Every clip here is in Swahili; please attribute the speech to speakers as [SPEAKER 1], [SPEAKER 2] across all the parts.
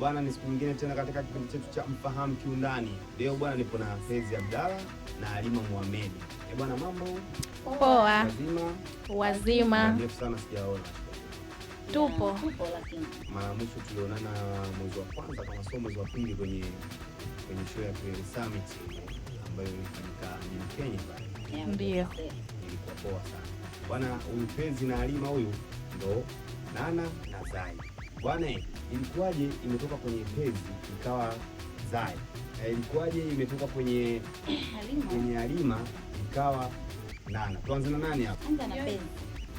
[SPEAKER 1] Bwana, ni siku nyingine tena katika kipindi chetu cha mfahamu kiundani. Leo bwana, nipo na Fezi Abdalla na Alima Muhamedi. Eh bwana, mambo
[SPEAKER 2] poa? Wazima.
[SPEAKER 1] Ndefu sana sijaona. Tupo mara mwisho tulionana mwezi wa kwanza kama sio mwezi wa pili, kwenye kwenye show ya Creative Summit ambayo ilifanyika mjini Kenya pale. Ndio, ilikuwa poa sana bwana. Huyu Fezi na Alima huyu ndo Nana na Zai bwana, ilikuwaje imetoka kwenye pezi ikawa zai? Eh, ilikuwaje imetoka kwenye kwenye alima ikawa nana? Tuanze na nani hapa? Anza na pezi.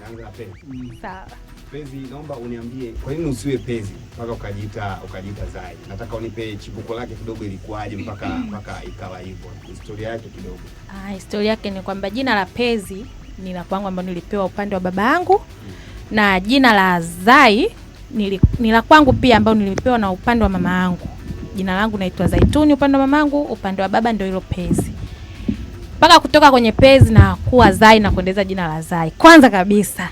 [SPEAKER 1] Naanza na pezi.
[SPEAKER 2] Mm. Sawa.
[SPEAKER 1] Pezi, naomba uniambie kwa nini usiwe pezi mpaka ukajiita ukajiita zai? Nataka unipe chipuko lake kidogo, ilikuwaje mpaka mpaka ikawa hivyo, historia yake kidogo.
[SPEAKER 2] Ah, historia yake ni kwamba jina la pezi ni la kwangu ambalo nilipewa upande wa baba yangu, hmm. na jina la zai ni la kwangu pia ambao nilipewa na upande wa mama yangu. Jina langu naitwa Zaituni upande wa mamangu, upande wa baba ndio hilo Pezi. Mpaka kutoka kwenye Pezi na kuwa Zai na kuendeleza jina la Zai. Kwanza kabisa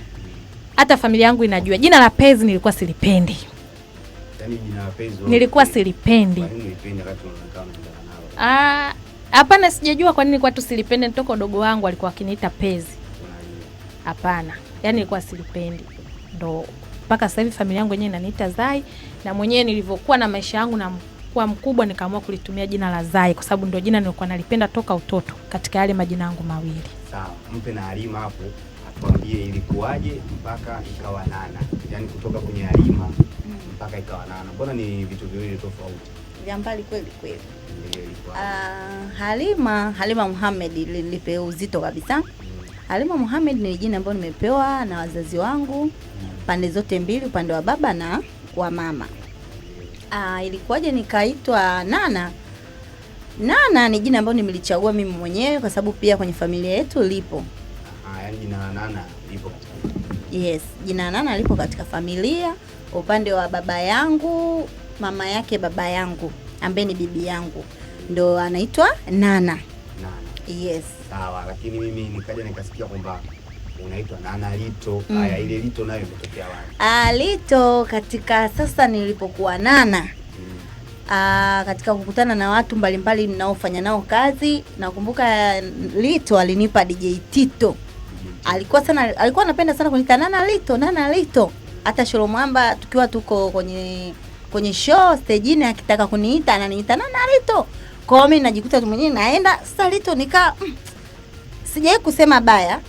[SPEAKER 2] hata familia yangu inajua jina la Pezi nilikuwa silipendi.
[SPEAKER 1] Yaani jina la Pezi
[SPEAKER 2] nilikuwa silipendi. Ah, hapana, sijajua kwa nini kwa tu silipendi. Nitoka udogo wangu alikuwa akiniita Pezi. Hapana, yaani nilikuwa silipendi. Ndio mpaka sasa hivi familia yangu yenyewe inaniita Zai, na mwenyewe nilivyokuwa na maisha yangu na kuwa mkubwa nikaamua kulitumia jina la Zai kwa sababu ndio jina nilikuwa nalipenda toka utoto katika yale majina yangu mawili.
[SPEAKER 1] Sawa, mpe na Halima hapo atuambie ilikuwaje mpaka ikawa Nana, yani kutoka kwenye Halima mpaka ikawa Nana. Mbona ni vitu viwili tofauti
[SPEAKER 3] vya mbali kweli kweli. Uh, Halima Halima Muhammad nilipewa uzito kabisa. Mm. Halima Muhammad ni jina ambalo nimepewa na wazazi wangu pande zote mbili, upande wa baba na wa mama. Ah, ilikuwaje nikaitwa Nana? Nana ni jina ambalo nimelichagua mimi mwenyewe kwa sababu pia kwenye familia yetu lipo.
[SPEAKER 1] Ah, yani jina la Nana lipo.
[SPEAKER 3] Yes, jina Nana lipo katika familia upande wa baba yangu, mama yake baba yangu ambaye ni bibi yangu ndo anaitwa Nana. Nana. Yes.
[SPEAKER 1] Sawa, lakini mimi nikaja nikasikia kwamba unaitwa na Analito. Mm. Haya, mm. ile Lito nayo imetokea wapi?
[SPEAKER 3] Ah, Lito katika sasa nilipokuwa Nana mm. Ah, katika kukutana na watu mbalimbali mnaofanya nao kazi, nakumbuka Lito alinipa DJ Tito mm. alikuwa sana alikuwa anapenda sana kuniita Nana Lito, Nana Lito. Hata Sholo Mwamba tukiwa tuko kwenye kwenye show stejini, akitaka kuniita ananiita Nana Lito. Kwa hiyo mimi najikuta tu mwenyewe naenda sasa Lito, nikaa mm, sijawahi kusema baya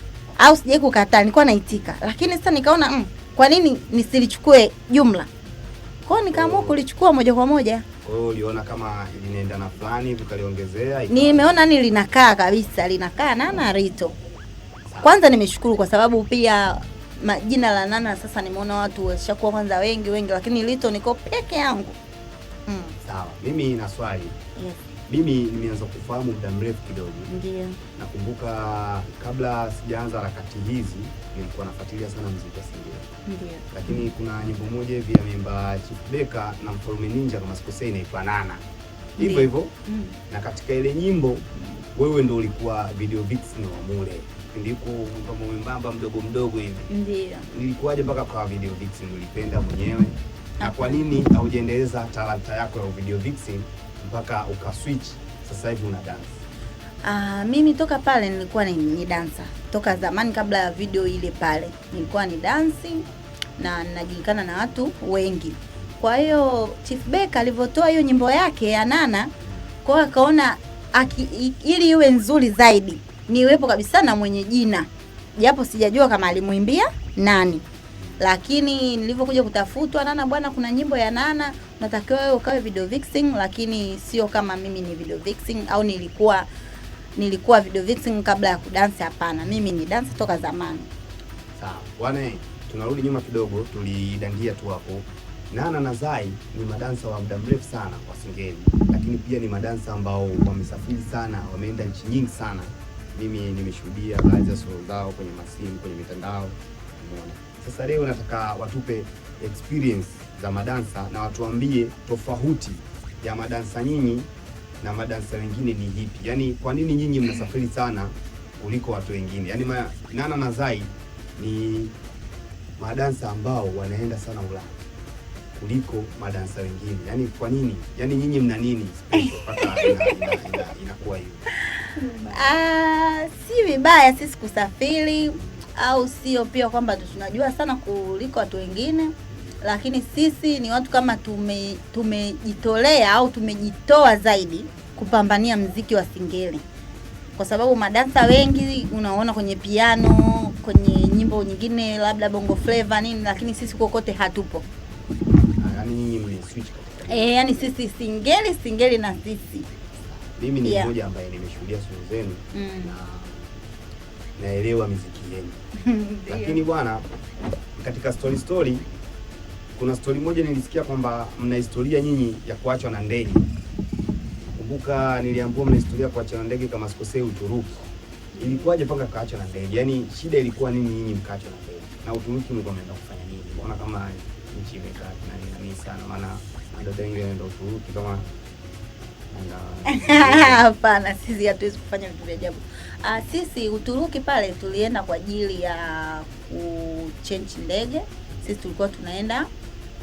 [SPEAKER 3] au sijai kukataa, nilikuwa naitika, lakini sasa nikaona mm, kwa nini nisilichukue jumla? kwao, hiyo nikaamua oh. kulichukua moja kwa moja.
[SPEAKER 1] uliona kama linaenda na fulani ukaliongezea?
[SPEAKER 3] Nimeona ni linakaa kabisa, linakaa Nana Rito. Kwanza nimeshukuru kwa sababu pia majina la Nana sasa nimeona watu washakuwa kwanza wengi wengi, lakini Rito niko peke yangu
[SPEAKER 1] mm. Sawa, mimi na swali yes. Mimi nimeanza kufahamu muda mrefu kidogo. Ndio. Nakumbuka kabla sijaanza harakati hizi nilikuwa nafuatilia sana muziki wa Singeli. Ndio. Lakini kuna nyimbo moja hivi ya mimba Chief Beka na Mfalme Ninja kama sikosei inaifanana. Hivyo hivyo. Mm. Na katika ile nyimbo wewe ndio ulikuwa video ni wa mule. Ndiko kama mwembamba mdogo mdogo hivi. Ndio. Nilikuwaje mpaka kwa video vixen ulipenda mwenyewe? Na kwa nini haujaendeleza talanta yako ya video vixen mpaka ukaswitch sasa hivi una dance?
[SPEAKER 3] Uh, mimi toka pale nilikuwa ni, ni dansa toka zamani, kabla ya video ile pale nilikuwa ni dansi na ninajulikana na watu wengi. Kwa hiyo Chief Beck alivyotoa hiyo nyimbo yake ya Nana, kwa akaona ili iwe nzuri zaidi niwepo kabisa na mwenye jina, japo sijajua kama alimwimbia nani, lakini nilivyokuja kutafutwa Nana bwana, kuna nyimbo ya Nana natakiwa wewe ukawe video vixen, lakini sio kama mimi ni video vixen au nilikuwa nilikuwa video vixen kabla ya kudansi. Hapana, mimi ni dansi toka zamani.
[SPEAKER 1] Sawa bwana, tunarudi nyuma kidogo, tulidandia tu hapo. Nana na Zai ni madansa wa muda mrefu sana kwa Singeli, lakini pia ni madansa ambao wamesafiri sana, wameenda nchi nyingi sana. Mimi nimeshuhudia baadhi ya solo zao kwenye masimu, kwenye mitandao. Sasa leo nataka watupe experience za madansa na watuambie tofauti ya madansa nyinyi na madansa wengine ni hipi, yaani kwa nini nyinyi mnasafiri sana kuliko watu wengine? Yaani ma, Nana na Zai ni madansa ambao wanaenda sana Ulaya kuliko madansa wengine, yaani kwa nini? Yaani nyinyi mna nini
[SPEAKER 3] inakuwa hiyo? Ah, si vibaya sisi kusafiri au sio? Pia kwamba tunajua sana kuliko watu wengine lakini sisi ni watu kama tume tumejitolea au tumejitoa zaidi kupambania mziki wa Singeli, kwa sababu madansa wengi unaona kwenye piano, kwenye nyimbo nyingine, labda bongo flava nini, lakini sisi kokote hatupo.
[SPEAKER 1] E, yani
[SPEAKER 3] eh, yaani sisi Singeli, Singeli na sisi.
[SPEAKER 1] Mimi ni mmoja ambaye nimeshuhudia sura zenu mm. na naelewa miziki yenu, lakini bwana, katika story story kuna stori moja nilisikia kwamba mna historia nyinyi ya kuachwa na ndege. Kumbuka niliambiwa mna historia ya kuachwa na ndege kama sikosei, Uturuki. Ilikuwaje mpaka kaachwa na ndege? Yaani shida ilikuwa nini nyinyi mkaachwa na ndege? Na Uturuki mlikuwa mnaenda kufanya nini? Mbona kama nchi imekaa na nini nani sana maana ndio wengi wanaenda Uturuki kama
[SPEAKER 3] Hapana, sisi hatuwezi kufanya vitu vya ajabu. Uh, sisi Uturuki pale tulienda kwa ajili ya kuchange ndege. Sisi tulikuwa tunaenda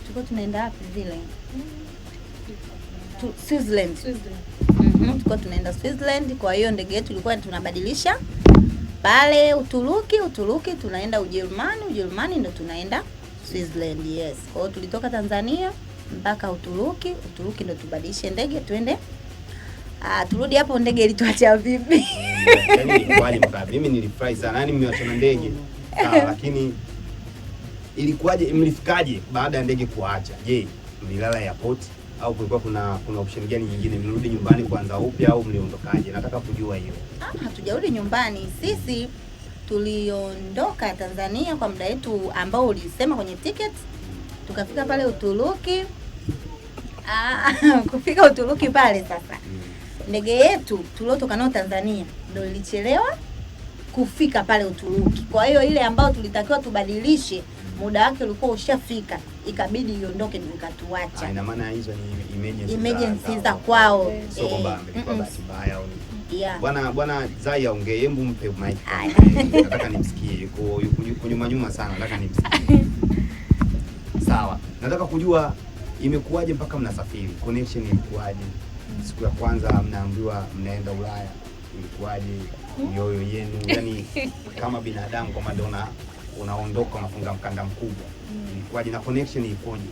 [SPEAKER 3] tulikuwa tunaenda wapi vile tu, Switzerland. Switzerland. Mm -hmm. Tulikuwa tunaenda Switzerland, kwa hiyo ndege yetu ilikuwa tunabadilisha pale Uturuki, Uturuki tunaenda Ujerumani, Ujerumani ndo tunaenda Switzerland. Yes, kwa hiyo tulitoka Tanzania mpaka Uturuki, Uturuki ndo tubadilishe ndege tuende Ah, turudi hapo ndege ilituacha vipi?
[SPEAKER 1] Yaani Mimi nilifurahi sana. Yaani mmewachana ndege. Ah, lakini ilikuwaje, mlifikaje baada ya ndege kuacha? Je, mlilala airport au kulikuwa kuna kuna option gani nyingine? Mlirudi nyumbani kuanza upya au mliondokaje? Nataka kujua hiyo.
[SPEAKER 3] Ah, hatujarudi nyumbani sisi, tuliondoka Tanzania kwa muda wetu ambao ulisema kwenye ticket, tukafika pale Uturuki. Ah, kufika Uturuki pale sasa ndege yetu tuliotoka nayo Tanzania ndio ilichelewa kufika pale Uturuki. Kwa hiyo ile ambayo tulitakiwa tubadilishe muda wake ulikuwa ushafika, ikabidi iondoke ikatuacha. Ah,
[SPEAKER 1] ina maana hizo ni emergency,
[SPEAKER 3] emergency za kwao,
[SPEAKER 1] sio eh, kwamba amekuwa bahati mbaya au Yeah. Bwana Bwana Zai aongee, hebu mpe mic. Ah. Nataka nimsikie. Yuko yuko nyuma nyuma sana, nataka nimsikie. Sawa. Nataka kujua imekuwaje mpaka mnasafiri. Connection ilikuwaje? Siku ya kwanza mnaambiwa mnaenda Ulaya. Ilikuwaje hmm? mioyo yenu? yani kama binadamu kwa madona unaondoka unafunga mkanda mkubwa mm. Ilikuwaje na connection ikoje?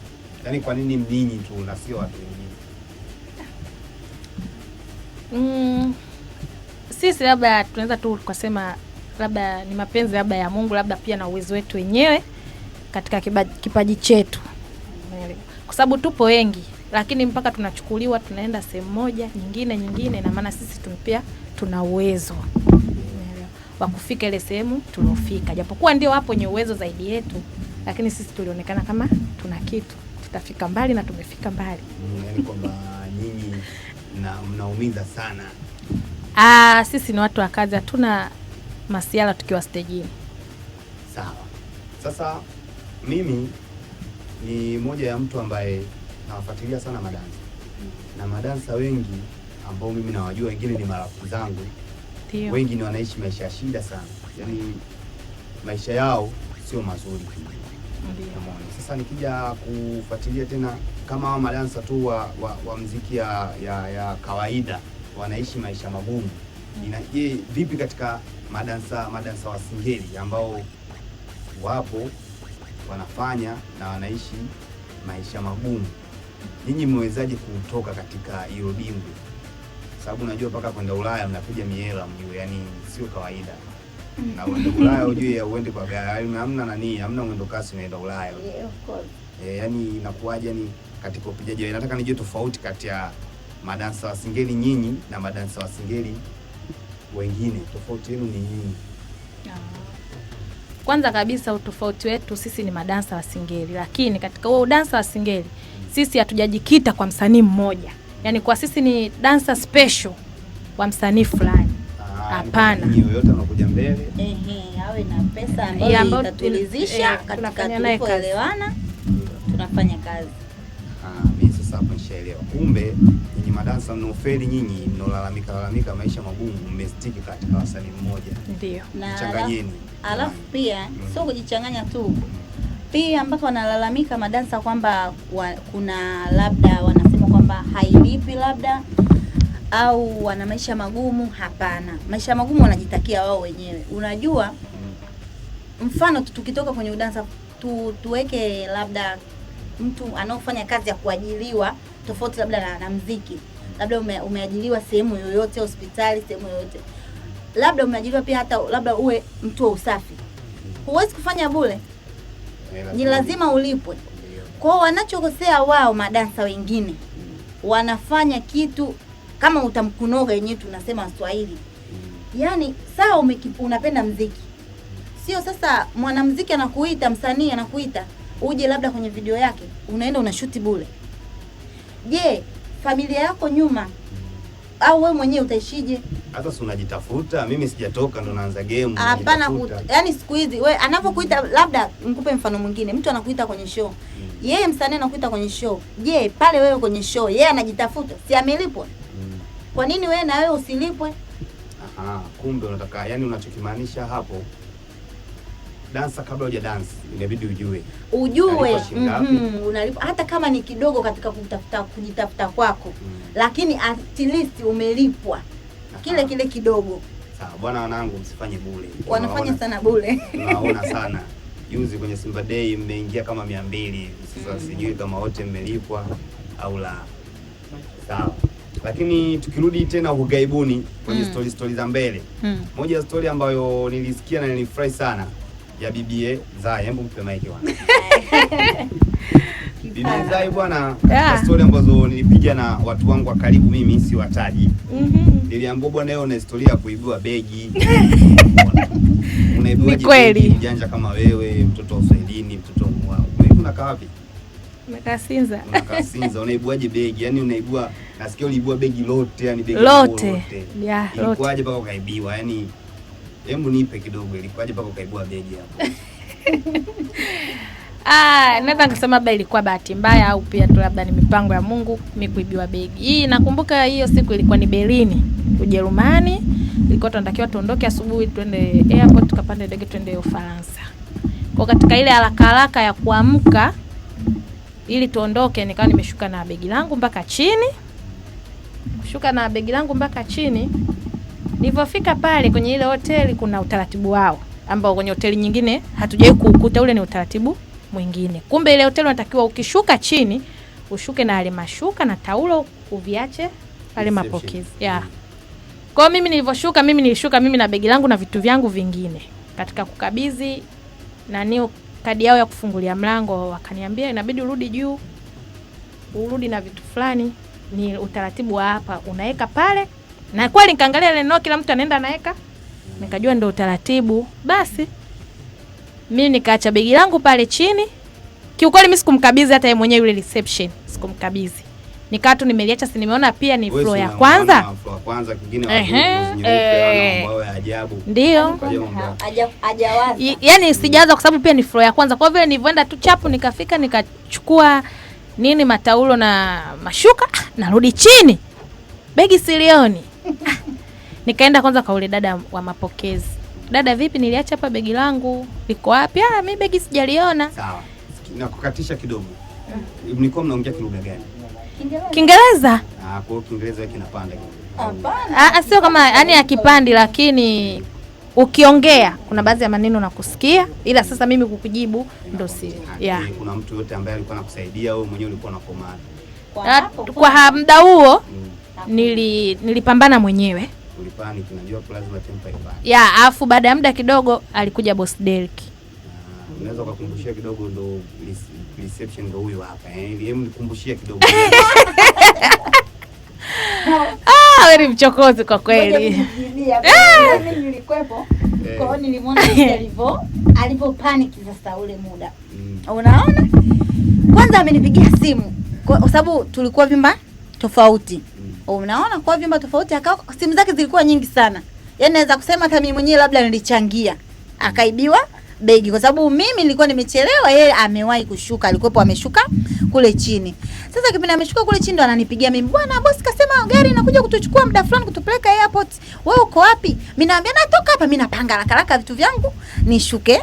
[SPEAKER 1] Yaani kwa nini mninyi tu na sio watu wengine?
[SPEAKER 2] Mm, sisi labda tunaweza tu kusema labda ni mapenzi labda ya Mungu, labda pia na uwezo wetu wenyewe katika kipaji chetu, kwa sababu tupo wengi, lakini mpaka tunachukuliwa tunaenda sehemu moja nyingine nyingine, na maana sisi pia tuna uwezo wa kufika ile sehemu tuliofika, japokuwa ndio wapo wenye uwezo zaidi yetu, lakini sisi tulionekana kama tuna kitu, tutafika mbali na tumefika mbali.
[SPEAKER 1] Mm, yaani kwamba nyinyi mnaumiza sana.
[SPEAKER 2] Ah, sisi ni watu wa kazi, hatuna masiala tukiwa stejini.
[SPEAKER 1] Sawa. Sasa mimi ni moja ya mtu ambaye nawafuatilia sana madansa na madansa wengi ambao mimi nawajua, wengine ni marafiki zangu Ndiyo. Wengi ni wanaishi maisha ya shida sana, yaani maisha yao sio mazuri. Sasa nikija kufuatilia tena kama hawa madansa tu wa, wa, wa mziki ya, ya, ya kawaida wanaishi maisha magumu, je, vipi katika madansa madansa wa singeli ambao wapo wanafanya na wanaishi maisha magumu, nyinyi mmewezaje kutoka katika hiyo dimbwi? sababu unajua mpaka kwenda Ulaya mnakuja miela mjue, yani sio kawaida na uende Ulaya ujue uende kwa gari, hamna nani, hamna mwendo kasi, unaenda Ulaya yeah, of course E, yani inakuwaje? Ni katika upijaji, nataka nijue tofauti kati ya madansa wa singeli nyinyi na madansa wa singeli wengine, tofauti yenu ni nini? Ah.
[SPEAKER 2] Kwanza kabisa utofauti wetu sisi ni madansa wa singeli, lakini katika huo udansa wa singeli hmm. sisi hatujajikita kwa msanii mmoja mm yani kwa sisi ni dancer special wa msanii fulani. Ah, Hapana,
[SPEAKER 1] yoyote anakuja mbele
[SPEAKER 3] ehe, awe na pesa eh, ambayo itatulizisha eh, katika tunaelewana, tunafanya kazi.
[SPEAKER 1] Ah, mimi sasa hapo nishaelewa, kumbe nyinyi madansa mnaofeli, nyinyi mnaolalamika lalamika maisha magumu, mmestiki katika wasanii mmoja,
[SPEAKER 2] ndio
[SPEAKER 3] changanyeni. Alafu pia mm. sio kujichanganya tu, pia ambapo wanalalamika madansa kwamba kuna labda wana kwamba hailipi labda au wana maisha magumu. Hapana, maisha magumu wanajitakia wao wenyewe. Unajua, mfano tukitoka kwenye udansa tu, tuweke labda mtu anaofanya kazi ya kuajiliwa tofauti labda na, na mziki labda ume, umeajiliwa sehemu yoyote hospitali, sehemu yoyote labda umeajiliwa pia, hata labda uwe mtu wa usafi, huwezi kufanya bure, ni lazima ulipwe. Kwao wanachokosea wao madansa wengine wanafanya kitu kama utamkunoga yenyewe tunasema Swahili. Yaani sawa unapenda mziki, sio sasa mwanamziki anakuita, msanii anakuita uje labda kwenye video yake, unaenda unashuti bure. Je, familia yako nyuma au wewe mwenyewe utaishije?
[SPEAKER 1] Hata si unajitafuta. Mimi sijatoka ndo naanza game.
[SPEAKER 3] Hapana, yaani siku hizi wewe anapokuita, labda nikupe mfano mwingine, mtu anakuita kwenye show yeye msanii anakuita kwenye show. Je, pale wewe kwenye show yeye anajitafuta, si amelipwa? Mm. Kwa nini wewe na wewe usilipwe?
[SPEAKER 1] Aha, kumbe unataka yani, unachokimaanisha hapo dansa kabla huja dance inabidi ujue
[SPEAKER 3] ujue mm -hmm, unalipa hata kama ni kidogo katika kutafuta kujitafuta kwako mm, lakini at least umelipwa kile kile kidogo.
[SPEAKER 1] Sawa bwana, wanangu msifanye bure,
[SPEAKER 3] wanafanya sana bure,
[SPEAKER 1] naona sana juzi kwenye Simba Day mmeingia kama mia mbili. Sasa mm-hmm. sijui kama wote mmelipwa au la, sawa. Lakini tukirudi tena ugaibuni kwenye mm. story story za mbele mm. moja ya stori ambayo nilisikia na nilifurahi sana ya bibie Zai, hebu mpe maiki bwana. Bibie Zai bwana, yeah. story ambazo nilipiga na watu wangu wa karibu, mimi siwataji. mm -hmm. Niliambiwa bwana, leo na historia ya kuibiwa begi
[SPEAKER 2] Ni kweli
[SPEAKER 1] mjanja kama wewe, mtoto wa usaidini, mtoto wa unakaa wapi?
[SPEAKER 2] Nakasinza.
[SPEAKER 1] Nakasinza. Unaibuaje begi? Yaani unaibua, nasikia uliibua begi lote, yani begi
[SPEAKER 2] lote. Lote. Yeah,
[SPEAKER 1] ilikuwaje mpaka ukaibiwa? Yaani hebu nipe kidogo, ilikuwaje mpaka ukaibua begi hapo?
[SPEAKER 2] Ah, naweza nikasema labda ilikuwa bahati mbaya au pia tu labda ni mipango ya Mungu mimi kuibiwa begi. Hii nakumbuka hiyo siku ilikuwa ni Berlin, Ujerumani ilikuwa tunatakiwa tuondoke asubuhi twende airport tukapande ndege twende Ufaransa. Kwa katika ile haraka haraka ya kuamka ili tuondoke, nikawa nimeshuka na begi langu mpaka chini. Kushuka na begi langu mpaka chini, nilipofika pale kwenye ile hoteli kuna utaratibu wao ambao kwenye hoteli nyingine hatujawahi kukuta, ule ni utaratibu mwingine. Kumbe ile hoteli unatakiwa ukishuka chini ushuke na alimashuka na taulo uviache pale mapokezi. Yeah. Kwa mimi nilivyoshuka, mimi nilishuka mimi na begi langu na vitu vyangu vingine. Katika kukabidhi nani kadi yao ya kufungulia mlango, wakaniambia inabidi urudi juu, urudi na vitu fulani. Ni utaratibu wa hapa, unaweka pale. Na kweli nikaangalia ile noti, kila mtu anaenda anaweka, nikajua ndio utaratibu. Basi mimi nikaacha begi langu pale chini. Kiukweli mimi sikumkabidhi hata yeye mwenyewe yule reception, sikumkabidhi nikaa tu nimeliacha, si nimeona pia ni flow ya kwanza ndio, yani sijaanza kwa sababu pia ni flow ya kwanza. Kwa vile nilivyoenda tu chapu, nikafika nikachukua nini mataulo na mashuka, narudi chini, begi silioni nikaenda kwanza kwa ule dada wa mapokezi, dada, vipi, niliacha hapa begi langu liko wapi? Ah, mimi begi sijaliona.
[SPEAKER 1] Sawa, nakukatisha kidogo Eh. Mlikuwa mnaongea kilugha gani?
[SPEAKER 2] Kiingereza.
[SPEAKER 1] Ah, kwa Kiingereza kinapanda.
[SPEAKER 2] Hapana. Ah, ah, sio kama yani akipandi lakini ukiongea kuna baadhi ya maneno nakusikia, ila sasa mimi kukujibu ndo si yeah.
[SPEAKER 1] Kuna mtu yote ambaye alikuwa anakusaidia au mwenyewe ulikuwa unakomana?
[SPEAKER 2] Kwa, ah, kwa muda huo mm. nili, nilipambana mwenyewe.
[SPEAKER 1] Ulipani, tunajua lazima tempa ipani.
[SPEAKER 2] Ya, afu baada ya muda kidogo alikuja boss Derek
[SPEAKER 1] unaweza ukakumbushia kidogo, ndo reception ndo huyo hapa eh, hem, nikumbushia kidogo
[SPEAKER 2] ah, wewe mchokozi kwa kweli. Eh!
[SPEAKER 3] Mimi nilikwepo eh. kwa hiyo nilimwona alivyo alivyo panic sasa ule muda mm. Unaona, kwanza amenipigia simu kwa sababu tulikuwa vyumba tofauti mm. Unaona, kwa vyumba tofauti akawa simu zake zilikuwa nyingi sana, yaani naweza kusema hata mimi mwenyewe labda nilichangia, akaibiwa begi, kwa sababu mimi nilikuwa nimechelewa, yeye amewahi kushuka, alikuwepo ameshuka kule chini. Sasa kipindi ameshuka kule chini ndo ananipigia mimi, bwana bosi kasema gari inakuja kutuchukua muda fulani kutupeleka airport, wewe uko wapi? Mimi naambia natoka hapa, mimi napanga haraka haraka vitu vyangu nishuke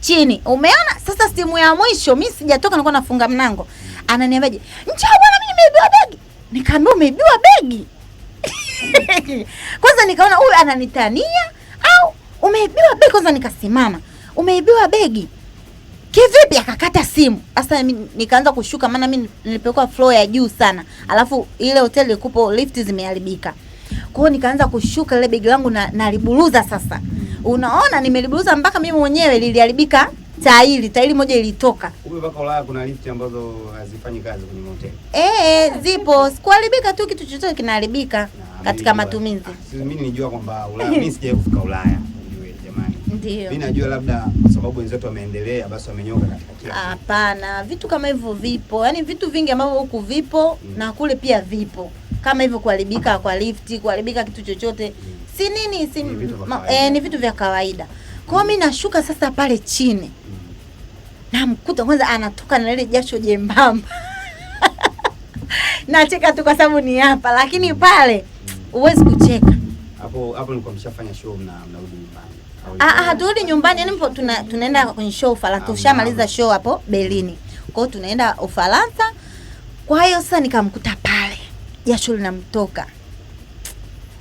[SPEAKER 3] chini. Umeona sasa, simu ya mwisho mimi sijatoka, nilikuwa nafunga mlango, ananiambiaje, njoo bwana, mimi nimeibiwa begi. Nikaambia umeibiwa begi? Kwanza nikaona huyu ananitania au umeibiwa begi. Kwanza nikasimama, umeibiwa begi kivipi? Akakata simu. Sasa nikaanza kushuka, maana mi nilipelekwa floor ya juu sana, alafu ile hoteli ilikupo lift zimeharibika. Kwa hiyo nikaanza kushuka ile begi langu na naliburuza sasa. Unaona nimeliburuza mpaka mimi mwenyewe liliharibika tairi, tairi moja ilitoka.
[SPEAKER 1] Kumbe mpaka Ulaya kuna lift ambazo hazifanyi kazi kwenye hoteli.
[SPEAKER 3] Eh, eh zipo. Sikuharibika tu kitu chochote kinaharibika katika matumizi. Ah,
[SPEAKER 1] mimi nijua kwamba Ulaya mimi sijawahi kufika Ulaya. Ndio. Mimi najua labda kwa sababu wenzetu wameendelea basi wamenyoka katika
[SPEAKER 3] kila. Hapana, vitu kama hivyo vipo. Yaani vitu vingi ambavyo huku vipo mm. na kule pia vipo. Kama hivyo kuharibika kwa lifti, kuharibika kitu chochote. Mm. Si nini, si ni vitu, ma, eh, ni vitu vya kawaida. Kwa mimi nashuka sasa pale chini. Mm. Namkuta kwanza anatoka na ile jasho jembamba. Nacheka tu kwa sababu ni hapa, lakini pale mm. huwezi kucheka.
[SPEAKER 1] Hapo hapo nilikuwa mshafanya show na mnarudi nyumbani.
[SPEAKER 3] Ah, ah, turudi nyumbani yani tuna, tunaenda kwenye show Ufaransa. Ah, Tushamaliza show hapo Berlin. Kwa hiyo tunaenda Ufaransa. Kwa hiyo sasa nikamkuta pale. Jasho linamtoka.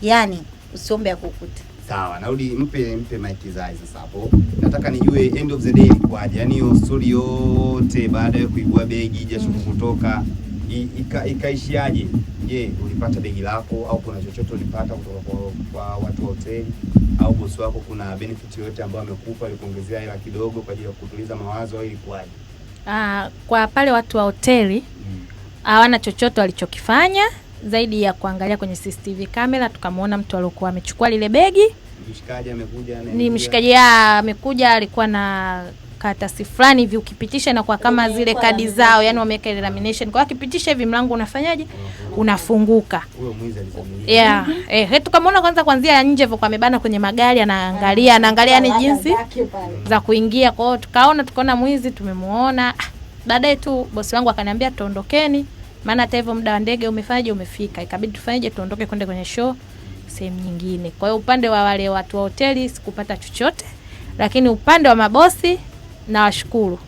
[SPEAKER 3] Yaani usiombe akukuta.
[SPEAKER 1] Sawa, narudi mpe mpe mic zai sasa hapo. Nataka nijue end of the day ilikuwaje. Yaani hiyo story yote baada ya kuibua begi, jasho mm. kutoka ikaishiaje? Je, ulipata begi lako au kuna chochote ulipata kutoka kwa watu wa hoteli au bosi wako? Kuna benefit yoyote ambayo amekupa, alikuongezea hela kidogo kwa ajili ya kutuliza mawazo au ilikuwaje?
[SPEAKER 2] Ah, kwa pale watu wa hoteli hmm. hawana hmm, chochote walichokifanya zaidi ya kuangalia kwenye CCTV kamera, tukamwona mtu aliokuwa amechukua lile begi.
[SPEAKER 1] Mshikaji amekuja,
[SPEAKER 2] ni mshikaji amekuja, alikuwa na karatasi fulani hivi ukipitisha na kwa kama zile kadi zao, yani wameka ile lamination. Kwa ukipitisha hivi mlango unafanyaje? Unafunguka. Yeah, eh, hetu eh, kama unaona kwanza kuanzia nje hapo kwa mebana kwenye magari anaangalia, ah, anaangalia ni jinsi za kuingia. Kwa hiyo tukaona tukaona mwizi tumemuona. Ah, baadaye tu bosi wangu akaniambia tuondokeni, maana hata hivyo muda wa ndege umefanyaje, umefika. Ikabidi tufanyaje, tuondoke kwenda kwenye show sehemu nyingine. Kwa hiyo upande wa wale watu wa hoteli sikupata chochote, lakini upande wa mabosi nawashukuru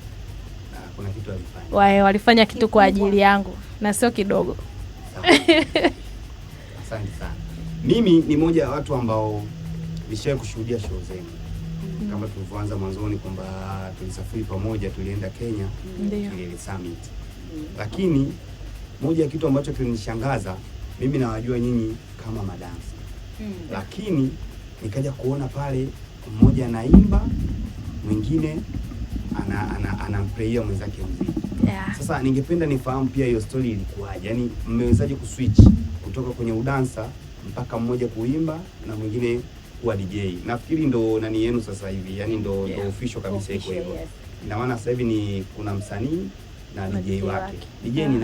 [SPEAKER 2] wae walifanya kitu kwa ajili yangu na sio kidogo.
[SPEAKER 1] Asante sana. Mimi ni moja ya watu ambao nishawahi kushuhudia show zenu mm. Kama tulivyoanza mwanzoni kwamba tulisafiri pamoja, tulienda Kenya Kilele Summit mm. Lakini moja ya kitu ambacho kilinishangaza mimi, nawajua nyinyi kama madansa mm. Lakini nikaja kuona pale mmoja anaimba mwingine anampreia ana, mwenzake mziki yeah. Sasa ningependa nifahamu pia hiyo story ilikuwaje, yani mmewezaje kuswitch kutoka kwenye udansa mpaka mmoja kuimba na mwingine kuwa DJ? Nafikiri ndo nani yenu sasa hivi, yani ndo yeah. ndo official kabisa iko hivyo, ina maana sasa hivi ni kuna msanii na DJ wake, DJ ni